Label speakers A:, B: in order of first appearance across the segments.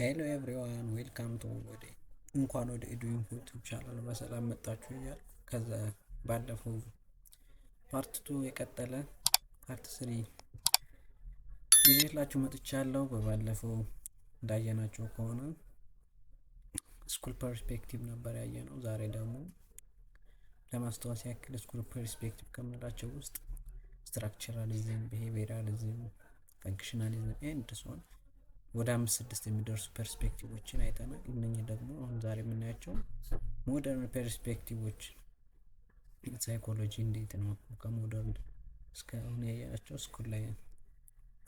A: ሄሎ ኤቭሪዋን ዌልካም ቱ ወደ እንኳን ወደ ኢዱ ኢንፎ ቻናል በሰላም መጣችሁ እያልኩ ከዛ ባለፈው ፓርት ቱ የቀጠለ ፓርት ስሪ ይዤላችሁ መጥቻለሁ። በባለፈው እንዳየናቸው ከሆነ ስኩል ፐርስፔክቲቭ ነበር ያየነው። ዛሬ ደግሞ ለማስታወስ ያክል ስኩል ፐርስፔክቲቭ ከምንላቸው ውስጥ ስትራክቸራሊዝም፣ ቢሄቪራሊዝም፣ ፈንክሽናሊዝም ኤንድ ሶን ወደ አምስት ስድስት የሚደርሱ ፐርስፔክቲቮችን አይተናል። እነኝህ ደግሞ አሁን ዛሬ የምናያቸው ሞደርን ፐርስፔክቲቮች ሳይኮሎጂ እንዴት ነው ከሞደርን እስከ አሁን ያያቸው ስኩል ላይ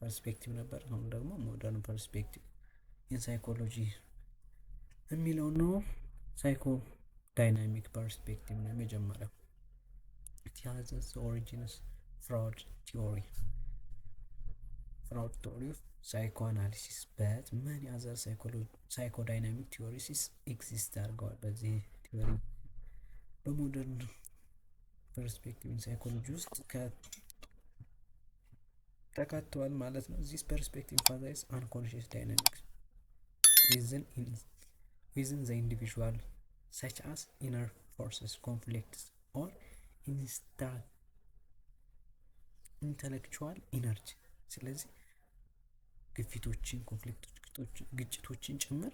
A: ፐርስፔክቲቭ ነበር። አሁን ደግሞ ሞደርን ፐርስፔክቲቭ ሳይኮሎጂ የሚለው ነው። ሳይኮ ዳይናሚክ ፐርስፔክቲቭ ነው የመጀመሪያው። ኢት ሃዝ ኢትስ ኦሪጂንስ ቲዮሪ ፍራውድ ሳይኮአናሊሲስ በት መኒ አዘር ሳይኮዳይናሚክ ቲዎሪሲስ ኤግዚስት አድርገዋል። በዚህ ቲዮሪ በሞደርን ፐርስፔክቲቭን ሳይኮሎጂ ውስጥ ተካተዋል ማለት ነው። ዚስ ፐርስፔክቲቭ ኢምፋሳይዝ አንኮንሽስ ዳይናሚክስ ዊዝን ዘ ኢንዲቪዥዋል ሰች አስ ኢነር ፎርስስ ኮንፍሊክትስ ኦር ኢንተሌክቹዋል ኢነርጂ ስለዚህ ግፊቶችን፣ ኮንፍሊክቶች፣ ግጭቶችን ጭምር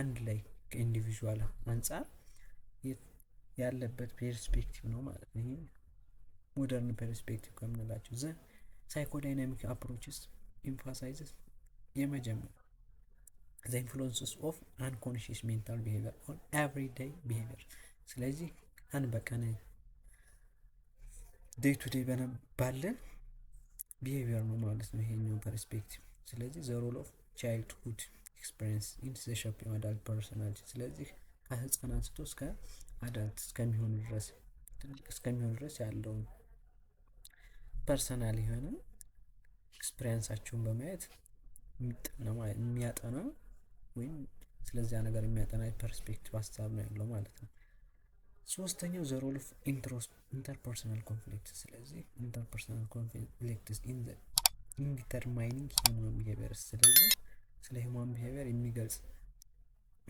A: አንድ ላይ ከኢንዲቪዥዋል አንጻር ያለበት ፔርስፔክቲቭ ነው ማለት ነው። ይህ ሞደርን ፔርስፔክቲቭ ከምንላቸው ዘ ሳይኮዳይናሚክ አፕሮችስ ኢንፋሳይዝስ የመጀመሪያ ዘ ኢንፍሉንስስ ኦፍ አንኮንሽስ ሜንታል ቢሄቪር ኦን ኤቭሪዳይ ቢሄቪር። ስለዚህ አንድ በቀን ዴይ ቱ ዴይ ባለን ቢሄቪር ነው ማለት ነው ይሄኛው ፐርስፔክቲቭ ስለዚህ ዘ ሮል ኦፍ ቻይልድሁድ ኤክስፔሪንስ ኢን ዘ ሼፒንግ አዳልት ፐርሶናሊቲ ስለዚህ ከህፃን አንስቶ እስከ አዳልት እስከሚሆኑ ድረስ ትልቅ እስከሚሆኑ ድረስ ያለውን ፐርሰናል የሆነ ኤክስፔሪንሳቸውን በማየት የሚያጠና ወይም ስለዚያ ነገር የሚያጠና ፐርስፔክቲቭ ሀሳብ ነው ያለው ማለት ነው። ሶስተኛው ዘ ሮል ኦፍ ኢንተርፐርሰናል ኮንፍሊክት ስለዚህ ኢንተርፐርሰናል ኮንፍሊክት ኢን ኢንዲተርማይኒንግ ሂውማን ቢሄቪየር ስለዚህ ስለ ሂውማን ቢሄቪየር የሚገልጽ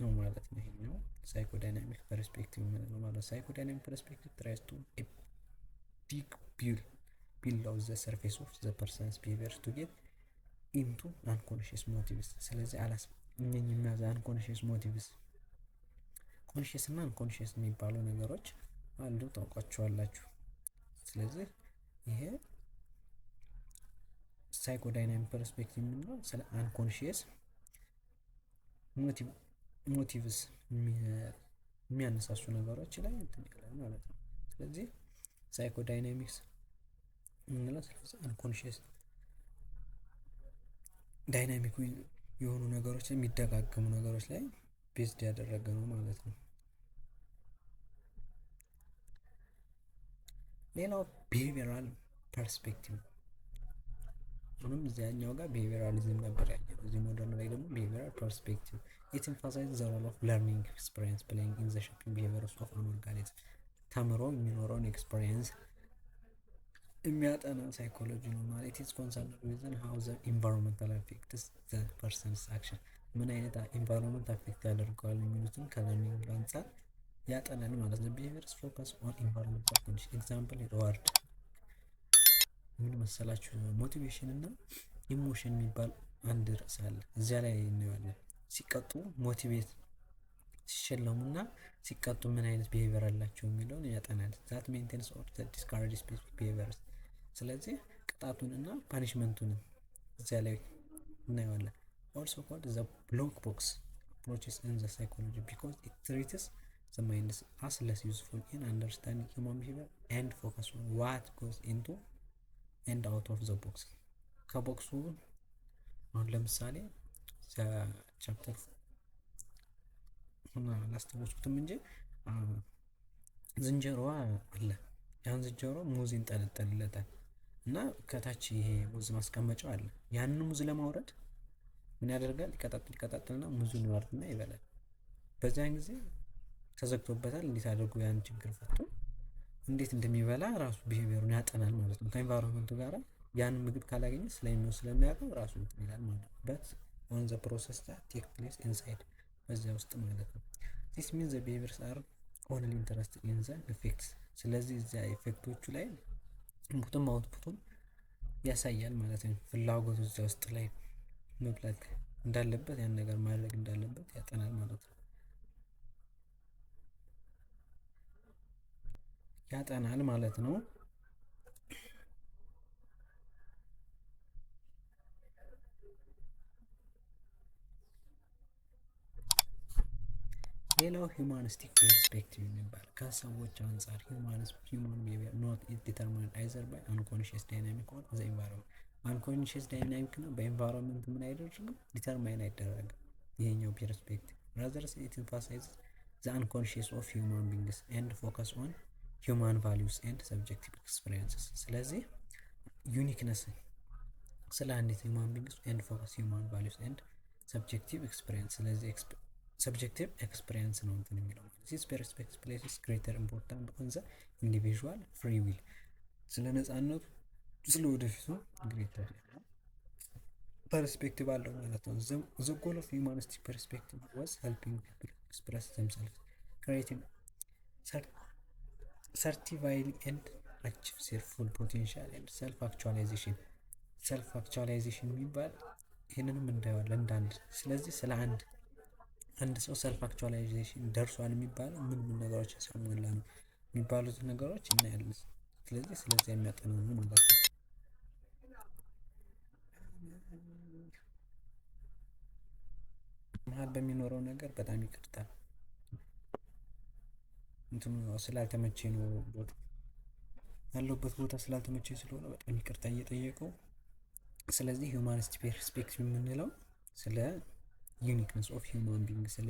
A: ነው ማለት ነው። ይሄኛው ሳይኮዳይናሚክ ፐርስፔክቲቭ ነው ማለት ሳይኮዳይናሚክ ፐርስፔክቲቭ ትራይስ ቱ ቢግ ቢል ቢል ኦፍ ዘ ሰርፌስ ኦፍ ዘ ፐርሰንስ ቢሄቪየር ቱ ጌት ኢንቱ አንኮንሽስ ሞቲቭስ። ስለዚህ አላስ እነኝና ዘ አንኮንሽስ ሞቲቭስ ኮንሽስ እና አንኮንሽስ የሚባሉ ነገሮች አሉ፣ ታውቋቸዋላችሁ። ስለዚህ ይሄ ሳይኮዳይናሚክ ፐርስፔክቲቭ የምንለው ስለ አንኮንሽየስ ሞቲቭስ የሚያነሳሱ ነገሮች ላይ እንትን ይላል ማለት ነው። ስለዚህ ሳይኮዳይናሚክስ የምንለው ስለዚህ አንኮንሽየስ ዳይናሚክ የሆኑ ነገሮች የሚደጋገሙ ነገሮች ላይ ቤዝድ ያደረገ ነው ማለት ነው። ሌላው ቢሄቪራል ፐርስፔክቲቭ ምንም እዚያኛው ጋር ቢሄቪራሊዝም ነበር ያየው። እዚህ ሞደርን ላይ ደግሞ ቢሄቪራል ፐርስፔክቲቭ ኢት ኤምፋሳይዝ ዘ ሮል ኦፍ ሌርኒንግ ኤክስፒሪየንስ ፕሌይንግ ኢን ዘ ሼፒንግ ቢሄቪየር ኦፍ አን ኦርጋኒዝም ተምሮ የሚኖረውን ኤክስፒሪየንስ የሚያጠና ሳይኮሎጂ ነው ማለት ኢትስ ኮንሰርን ዊዝን ሃው ዘ ኢንቫይሮንመንታል አፌክትስ ዘ ፐርሰንስ አክሽን ምን አይነት ኢንቫይሮንመንት አፌክት ያደርገዋል የሚሉትን ከለርኒንግ አንጻር ያጠናል ማለት ነው። ቢሄቪየርስ ፎከስ ኦን ኢንቫይሮንመንታል ኮንዲሽን ኤግዛምፕል ሪዋርድ ምን መሰላችሁ ሞቲቬሽን እና ኢሞሽን የሚባል አንድ ርዕስ አለ። እዚያ ላይ እናየዋለን። ሲቀጡ ሞቲቬት፣ ሲሸለሙ እና ሲቀጡ ምን አይነት ቢሄቨር አላቸው የሚለውን ያጠናል። ዛት ሜንቴንስ ኦፍ ዲስካርድ ስፔሲፊክ ቢሄቨርስ። ስለዚህ ቅጣቱን እና ፓኒሽመንቱንም እዚያ ላይ እናየዋለን። ኦልሶ ኮልድ ዘ ብሎክ ቦክስ አፕሮችስ ኢን ዘ ሳይኮሎጂ ቢኮዝ ኢት ትሪትስ ዘ ማይንድስ አስ ለስ ዩዝፉል ኢን አንደርስታንድ ሂውማን ቢሄቨር ኤንድ ፎከስ ዋት ጎዝ ኢንቱ ኤንድ አውት ኦፍ ዘ ቦክስ ከቦክሱ አሁን ለምሳሌ ቻፕተር ሆና ላስታወስኩትም እንጂ ዝንጀሮዋ አለ። ያን ዝንጀሮ ሙዝ ይንጠለጠልለታል እና ከታች ይሄ ሙዝ ማስቀመጫው አለ። ያንን ሙዝ ለማውረድ ምን ያደርጋል? ይቀጣጥል ይቀጣጥልና ሙዙን ይወርድና ይበላል። በዚያን ጊዜ ተዘግቶበታል። እንዴት አድርጎ ያን ችግር ፈቶ እንዴት እንደሚበላ ራሱ ቢሄቪየሩን ያጠናል ማለት ነው። ከኤንቫይሮንመንቱ ጋር ያንን ምግብ ካላገኘ ስለሚኖ ስለሚያውቀው ራሱ እንትን ይላል ማለት ነው። በት ኦን ዘ ፕሮሰስ ቴክ ፕሌስ ኢንሳይድ በዚያ ውስጥ ማለት ነው። ዚስ ሚን ዘ ቢሄቪየርስ አር ኦንሊ ኢንተረስት ኢን ዘ ኢፌክትስ። ስለዚህ እዚያ ኢፌክቶቹ ላይ ኢንፑትም አውትፑቱም ያሳያል ማለት ነው። ፍላጎቱ እዚያ ውስጥ ላይ መብላት እንዳለበት ያን ነገር ማድረግ እንዳለበት ያጠናል ማለት ነው። ያጠናል ማለት ነው። ሌላው ሂማኒስቲክ ፐርስፔክቲቭ የሚባል ከሰዎች አንጻር ሂማን ቢሄቪየር ኖት ዲተርማይንድ አይዘር ባይ አንኮንሽስ ዳይናሚክ ኦር ዘ ኢንቫይሮንመንት አንኮንሽስ ዳይናሚክ እና በኢንቫይሮንመንት ምን አይደረግም ዲተርማይን አይደረግም። ይሄኛው ፐርስፔክቲቭ ራዘር ኢት ኢንፋሳይዝ ዘ አንኮንሽስ ኦፍ ሂማን ቢንግስ ኤንድ ፎከስ ኦን ሂውማን ቫሊዩስ ኤንድ ሰብጀክቲቭ ኤክስፒሪየንስስ። ስለዚህ ዩኒክነስ ስለ አንዲት ሂውማን ቢንግስ ኤንድ ፎከስ ሂውማን ቫሊዩስ ኤንድ ሰብጀክቲቭ ኤክስፒሪየንስ። ስለዚህ ሰብጀክቲቭ ኤክስፒሪየንስ ነው እንትን የሚለው ዚስ ፐርስፔክቲቭ ፕሌስስ ግሬተር ኢምፖርታንት ኦን ዘ ኢንዲቪዥዋል ፍሪ ዊል። ስለ ነጻነቱ ስለ ወደፊቱ ግሬተር ፐርስፔክቲቭ አለው ማለት ነው። ዘ ጎል ኦፍ ሂውማኒስቲክ ፐርስፔክቲቭ ዋዝ ሄልፒንግ ፒፕል ኤክስፕረስ ዘምሰልቭስ ክሬቲንግ ሰርቲፋይንግ ኤንድ አቺቭ ሴልፍ ፉል ፖቴንሻል ኤንድ ሰልፍ አክቹዋላይዜሽን ሰልፍ አክቹዋላይዜሽን የሚባል ይህንንም እንዳየዋለን እንደ አንድ ስለዚህ ስለ አንድ አንድ ሰው ሰልፍ አክቹዋላይዜሽን ደርሷል የሚባለው ምን ምን ነገሮች ሲያሟላ ነው የሚባሉትን ነገሮች እናያለን። ስለዚህ ስለዚህ የሚያጠናው ምን ማለት ነው? መሀል በሚኖረው ነገር በጣም ይቅርታል። እንትኑ ስላልተመቼ ነው ያለሁበት ቦታ ስላልተመቼ ስለሆነ በጣም ይቅርታ እየጠየቀው። ስለዚህ ሂውማኒስት ፐርስፔክቲቭ የምንለው ስለ ዩኒክነስ ኦፍ ሂውማን ቢንግ ስለ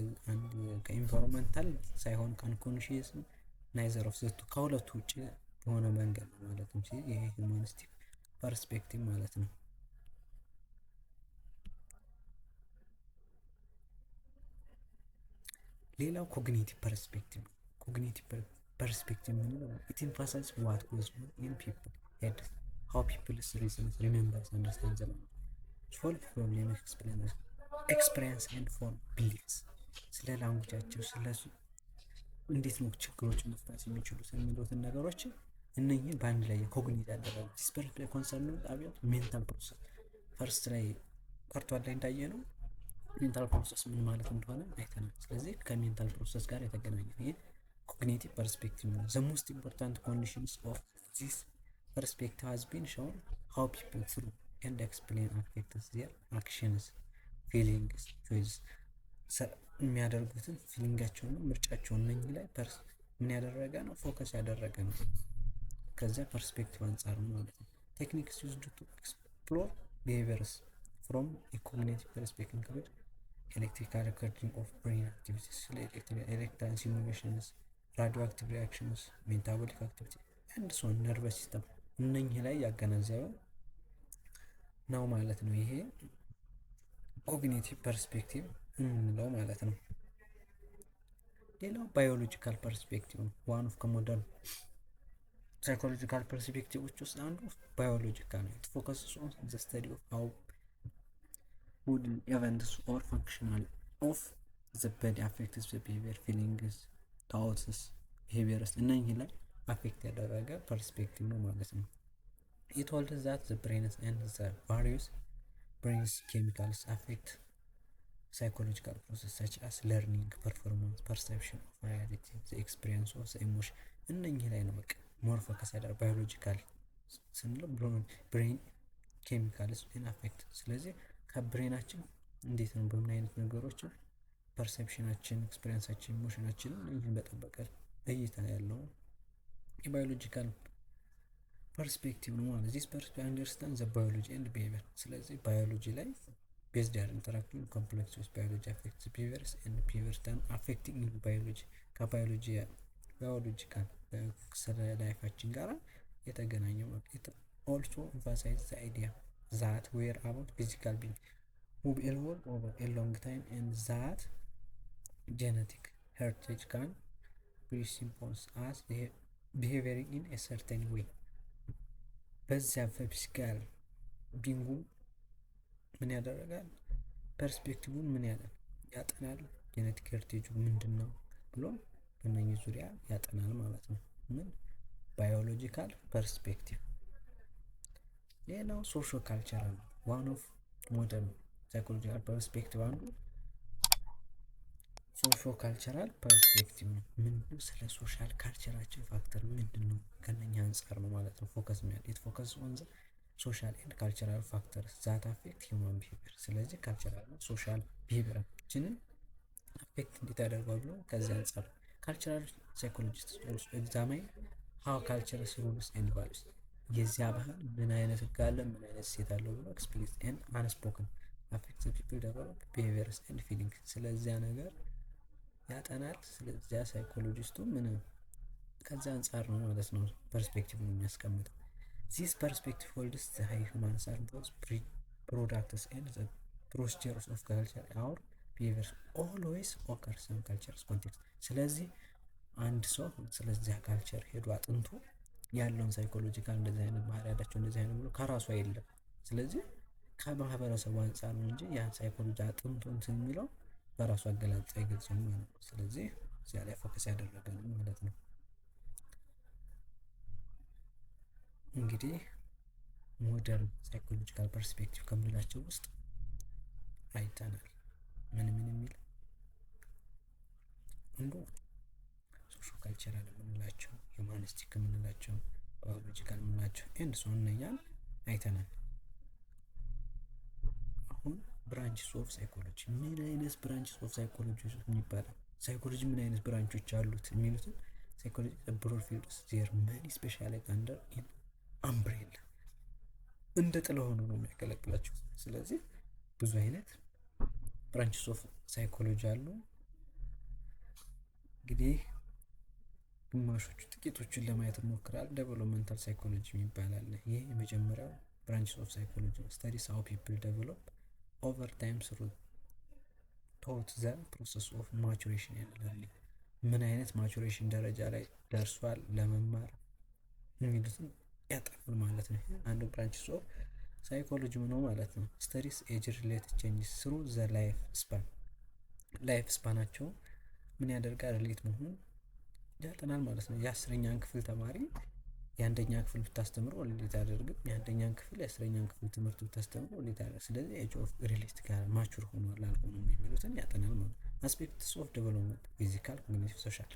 A: ከኢንቫይሮንመንታል ሳይሆን ከአንኮንሽየስ ናይዘር ኦፍ ዘቱ ከሁለቱ ውጭ የሆነ መንገድ ነው ማለት ነው። ሲል ይሄ ሂውማኒስት ፐርስፔክቲቭ ማለት ነው። ሌላው ኮግኒቲቭ ፐርስፔክቲቭ ኮግኒቲቭ ፐርስፔክቲቭ የምንለው ኢት ኢምፋሳይዝ ዋት ጎዝ ኦን ኢን ፒፕል ሄድ ሃው ፒፕልስ ሪዝንስ ሪሜምበርስ አንደርስታንድ ዘ ሶልቭ ፕሮብሌም ኤክስፒሪየንስ ኤንድ ፎርም ቢሊፍስ ስለ ላንጉጃቸው ስለሱ እንዴት ነው ችግሮች መፍታት የሚችሉት የሚሉትን ነገሮች እነኝህ በአንድ ላይ የኮግኒት ያደረጉ ዲስፐርት ላይ ኮንሰርን አብያት ሜንታል ፕሮሰስ ፈርስት ላይ ፓርቷን ላይ እንዳየ ነው ሜንታል ፕሮሰስ ምን ማለት እንደሆነ አይተናል። ስለዚህ ከሜንታል ፕሮሰስ ጋር የተገናኘ ይህ cognitive perspective ነው the most important conditions of this perspective has been shown how people through and explain affects their actions feelings choices የሚያደርጉትን ፊሊንጋቸውን ምርጫቸውን ነኝ ላይ ምን ያደረገ ነው ፎከስ ያደረገ ነው ከዚያ ፐርስፔክቲቭ አንጻር ማለት ነው ቴክኒክስ ዩዝድ ቱ ኤክስፕሎር ቢሄቪየርስ ፍሮም የኮሚኒቲ ፐርስፔክቲቭ ክብር ኤሌክትሪካል ሪኮርዲንግ ኦፍ ብሬን አክቲቪቲስ ኤሌክትሪካል ሲሙሌሽንስ ራዲዮአክቲቭ ሪያክሽንስ፣ ሜታቦሊክ አክቲቪቲ አንድ ሰው ነርቨስ ሲስተም እነኝህ ላይ ያገናዘበ ነው ማለት ነው። ይሄ ኮግኒቲቭ ፐርስፔክቲቭ የምንለው ማለት ነው። ሌላው ባዮሎጂካል ፐርስፔክቲቭ ነው። ዋን ኦፍ ከሞደርን ሳይኮሎጂካል ፐርስፔክቲቭች ውስጥ አንዱ ባዮሎጂካል ነው። ፎከስ ኦን ዘ ስተዲ ኦፍ ሃው ፉድ ኢቨንትስ ኦር ፋንክሽናል ኦፍ ዘ በዲ አፌክትስ ዘ ቢሄቪየር ፊሊንግስ ጣዖትስ ብሄቪየርስ እነኚህ ላይ አፌክት ያደረገ ፐርስፔክቲቭ ነው ማለት ነው። ኢትወልድ ዛት ዘ ብሬንስ ኤንድ ዘ ቫሪየስ ብሬንስ ኬሚካልስ አፌክት ሳይኮሎጂካል ፕሮሰስ ሰች አስ ለርኒንግ፣ ፐርፎርማንስ፣ ፐርሰፕሽን ኦፍ ሪያሊቲ ዘ ኤክስፒሪየንስ ኦፍ ዘ ኢሞሽን እነኚህ ላይ ነው በቃ ሞር ፎከስ ያደረገ ባዮሎጂካል ስንለው ብሬን ኬሚካልስ ኤንድ አፌክት ስለዚህ ከብሬናችን እንዴት ነው በምን አይነት ነገሮችን ፐርሰፕሽናችን፣ ኤክስፔሪንሳችን፣ ኢሞሽናችንን ይህን በጠበቀ እይታ ነው ያለው የባዮሎጂካል ፐርስፔክቲቭ ነው ማለት ዚስ ፐርስ አንደርስታንድ ዘ ባዮሎጂ ኤንድ ቢሄቪር። ስለዚህ ባዮሎጂ ላይ ቤዝድ ያር ኢንተራክቲንግ ኮምፕሌክስ ዊዝ ባዮሎጂ አፌክት ቢሄቪየርስ ኤንድ ቢሄቪየርስ ታም አፌክቲንግ ባዮሎጂ ከባዮሎጂ ባዮሎጂካል ስለ ላይፋችን ጋር የተገናኘው ኦልሶ ኤምፋሳይዝ ዘ አይዲያ ዛት ዌር አባውት ፊዚካል ቢንግ ዊ ቢሄቭ ኦቨር ኤ ሎንግ ታይም ኤንድ ዛት genetic heritage can presuppose us behaving in a certain way። በዚያ በፊዚካል ቢንጉ ምን ያደረጋል? ፐርስፔክቲቭን ምን ያለ ያጠናል። ጄኔቲክ ሄሪቴጁ ምንድን ነው ብሎ በእነኚህ ዙሪያ ያጠናል ማለት ነው። ምን ባዮሎጂካል ፐርስፔክቲቭ። ሌላው ሶሾ ካልቸራል ዋን ኦፍ ሞደርን ሳይኮሎጂካል ፐርስፔክቲቭ አንዱ ሶሾ ካልቸራል ፐርስፔክቲቭ ነው። ምንድነው ስለ ሶሻል ካልቸራችን ፋክተር ምንድን ነው ከነኛ አንጻር ነው ማለት ነው ፎከስ የሚያደርግ ኢት ፎከስ ኦን ሶሻል ኤንድ ካልቸራል ፋክተር ዛት አፌክት ሂውማን ቢሄቪየር። ስለዚህ ካልቸራል ሶሻል ቢሄቪየራችንን አፌክት እንዴት ያደርገዋል ብሎ ከዚህ አንጻር ካልቸራል ሳይኮሎጂስት ኦልሶ ኤግዛማይን ሃው ካልቸራል ሩልስ ኤንድ ቫሉስ የዚያ ባህል ምን አይነት ህግ አለ ምን አይነት ሴት አለው ብሎ ኤክስፕሊሲት ኤንድ አንስፖክን አፌክት ፒፕል ዴቨሎፕ ቢሄቪየርስ ኤንድ ፊሊንግ ስለዚያ ነገር ያጠናል። ስለዚያ ሳይኮሎጂስቱ ምን ከዚ አንጻር ነው ማለት ነው ፐርስፔክቲቭ ነው የሚያስቀምጠው። ዚስ ፐርስፔክቲቭ ሆልድስ ዘ ሃይ ሁማንስ ሳምፕልስ ፕሮዳክትስ ኤንድ ዘ ፕሮሲጀርስ ኦፍ ካልቸር አውር ቢሄቪየርስ ኦልዌይስ ኦከርስ ኢን ካልቸርስ ኮንቴክስት። ስለዚህ አንድ ሰው ስለዚያ ካልቸር ሄዶ አጥንቶ ያለውን ሳይኮሎጂካል እንደዚህ አይነት ባህሪ ያላቸው እንደዚህ አይነት ብሎ ከራሱ አይደለም። ስለዚህ ከማህበረሰቡ አንጻር ነው እንጂ ያ ሳይኮሎጂ አጥንቶ እንትን የሚለው በራሱ አገላለጽ አይገልጽም ማለት ነው። ስለዚህ እዚያ ላይ ፎከስ ያደረገ ነው ማለት ነው። እንግዲህ ሞደርን ሳይኮሎጂካል ፐርስፔክቲቭ ከምንላቸው ውስጥ አይተናል። ምን ምን የሚል አንዱ ሶሾ ካልቸራል የምንላቸው ሂማኒስቲክ የምንላቸው ባዮሎጂካል የምንላቸው ኤንድ ሶን እነኛን አይተናል አሁን ብራንችስ ኦፍ ሳይኮሎጂ ምን አይነት ብራንችስ ኦፍ ሳይኮሎጂ ይባላል? ሳይኮሎጂ ምን አይነት ብራንቾች አሉት የሚሉትን ሳይኮሎጂ ብሮድ ፊልድስ ዜር መኒ ስፔሻላይዝ አንደር ኢን አምብሬላ እንደ ጥላ ሆኖ ነው የሚያገለግላቸው። ስለዚህ ብዙ አይነት ብራንችስ ኦፍ ሳይኮሎጂ አሉ። እንግዲህ ግማሾቹ ጥቂቶቹን ለማየት ሞክራል። ዴቨሎፕመንታል ሳይኮሎጂ ይባላል። አለ። ይህ የመጀመሪያው ብራንችስ ኦፍ ሳይኮሎጂ ስታዲስ ስተዲስ ፒፕል ዴቨሎፕ ኦቨር ታይም ስሩ ቶት ዘ ፕሮሰስ ኦፍ ማቹሬሽን ያደርጋል። ምን አይነት ማቹሬሽን ደረጃ ላይ ደርሷል ለመማር የሚሉትን ያጠፋል ማለት ነው። አንዱ ብራንች ሶ ሳይኮሎጂ ነው ማለት ነው። ስተዲስ ኤጅ ሪሌት ቼንጅስ ስሩ ዘ ላይፍ ስፓን ላይፍ ስፓናቸው ምን ያደርጋል ሪሌት መሆኑን ያጠናል ማለት ነው። የአስረኛን ክፍል ተማሪ የአንደኛ ክፍል ብታስተምረው እንዴት አደርግም የአንደኛን ክፍል የአስረኛን ክፍል ትምህርት ብታስተምረው እንዴት አደርግ። ስለዚህ ኤጅ ኦፍ ሪሊስት ጋር ማቹር ሆኖ አልሆነም የሚሉትን ያጠናል ማለት ነው። አስፔክትስ ኦፍ ዴቨሎፕመንት ፊዚካል፣ ኮግኒቲቭ፣ ሶሻል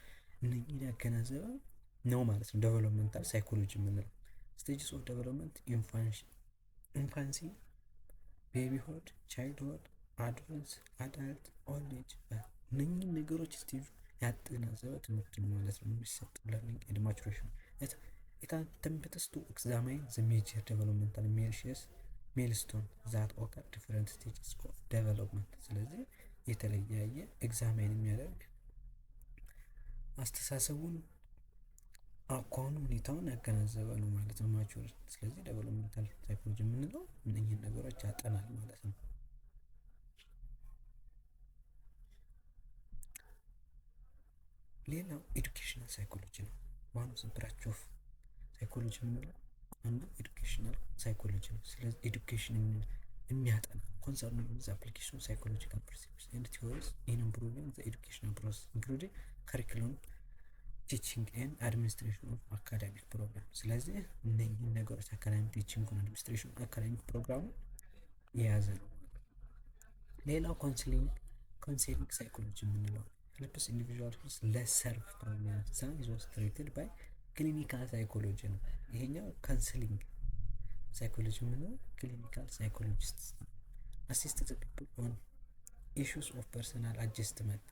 A: እነኝን ያገናዘበ ነው ማለት ነው። ዴቨሎፕመንታል ሳይኮሎጂ የምንለው ስቴጅስ ኦፍ ዴቨሎፕመንት ኢንፋንሲ፣ ቤቢሆድ፣ ቻይልድሆድ፣ አድቫንስ፣ አዳልት፣ ኦልድ ኤጅ እነኝን ነገሮች ስቴጁ ያጠናዘበ ትምህርት ነው ማለት ነው የሚሰጥ ለርኒንግ ኤንድ ማቹሬሽን Attempts to ዘ ሜጀር major developmental measures milestone that occur different stages of ስለዚህ የተለያየ ኤግዛሚን የሚያደርግ አስተሳሰቡን አኳኑ ሁኔታውን ያገናዘበ ነው ማለት ነው ማቹር። ስለዚህ ዴቨሎፕመንታል ሳይኮሎጂ የምንለው እነኝህን ነገሮች ያጠናል ማለት ነው። ሌላው ኤዱኬሽናል ሳይኮሎጂ ነው። ዋን ኦፍ ሳይኮሎጂ የምንለው አንዱ ኤዱኬሽናል ሳይኮሎጂ ነው። ስለዚህ ኤዱኬሽን የሚያጠና ኮንሰርን ዝ አፕሊኬሽን ሳይኮሎጂካል ፕሪንሲፕልስ ኤንድ ቲዎሪስ ኢን ኢምፕሩቪንግ ዘ ኤዱኬሽናል ፕሮሰስ ኢንክሉዲንግ ካሪኩለም ቲችንግ ኤንድ አድሚኒስትሬሽን ኦፍ አካዳሚክ ፕሮግራም። ስለዚህ እነዚህን ነገሮች አካዳሚክ ቲችንግ አድሚኒስትሬሽን አካዳሚክ ፕሮግራሙ የያዘ ነው። ሌላው ኮንስሊንግ ኮንሴሊንግ ሳይኮሎጂ የምንለው ሄልፕስ ኢንዲቪዥዋልስ ለሰርቭ ፕሮግራም ዛን ዞስ ትሪትድ ባይ ክሊኒካል ሳይኮሎጂ ነው ይሄኛው። ካንስሊንግ ሳይኮሎጂ ምንለው ክሊኒካል ሳይኮሎጂስት አሲስት ፒፕል ኦን ኢሹስ ኦፍ ፐርሰናል አጀስትመንት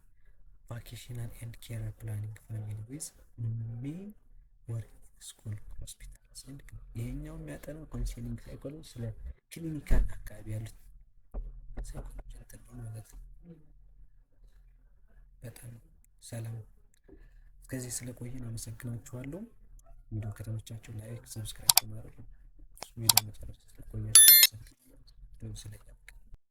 A: ቫኬሽናል ኤንድ ኬር ፕላኒንግ ፋሚሊ ዊዝ ሜን ወርክ ስኩል ሆስፒታል። ይሄኛው የሚያጠናው ካውንስሊንግ ሳይኮሎጂ ስለ ክሊኒካል አካባቢ ያሉት ሳይኮሎጂ ማለት ነው። በጣም ሰላም እስከዚህ ስለቆየን አመሰግናችኋለሁ። ቪዲዮ ከተመቻችሁ ላይክ፣ ሰብስክራይብ ማድረግ ቪዲዮ መጨረሻ ስለ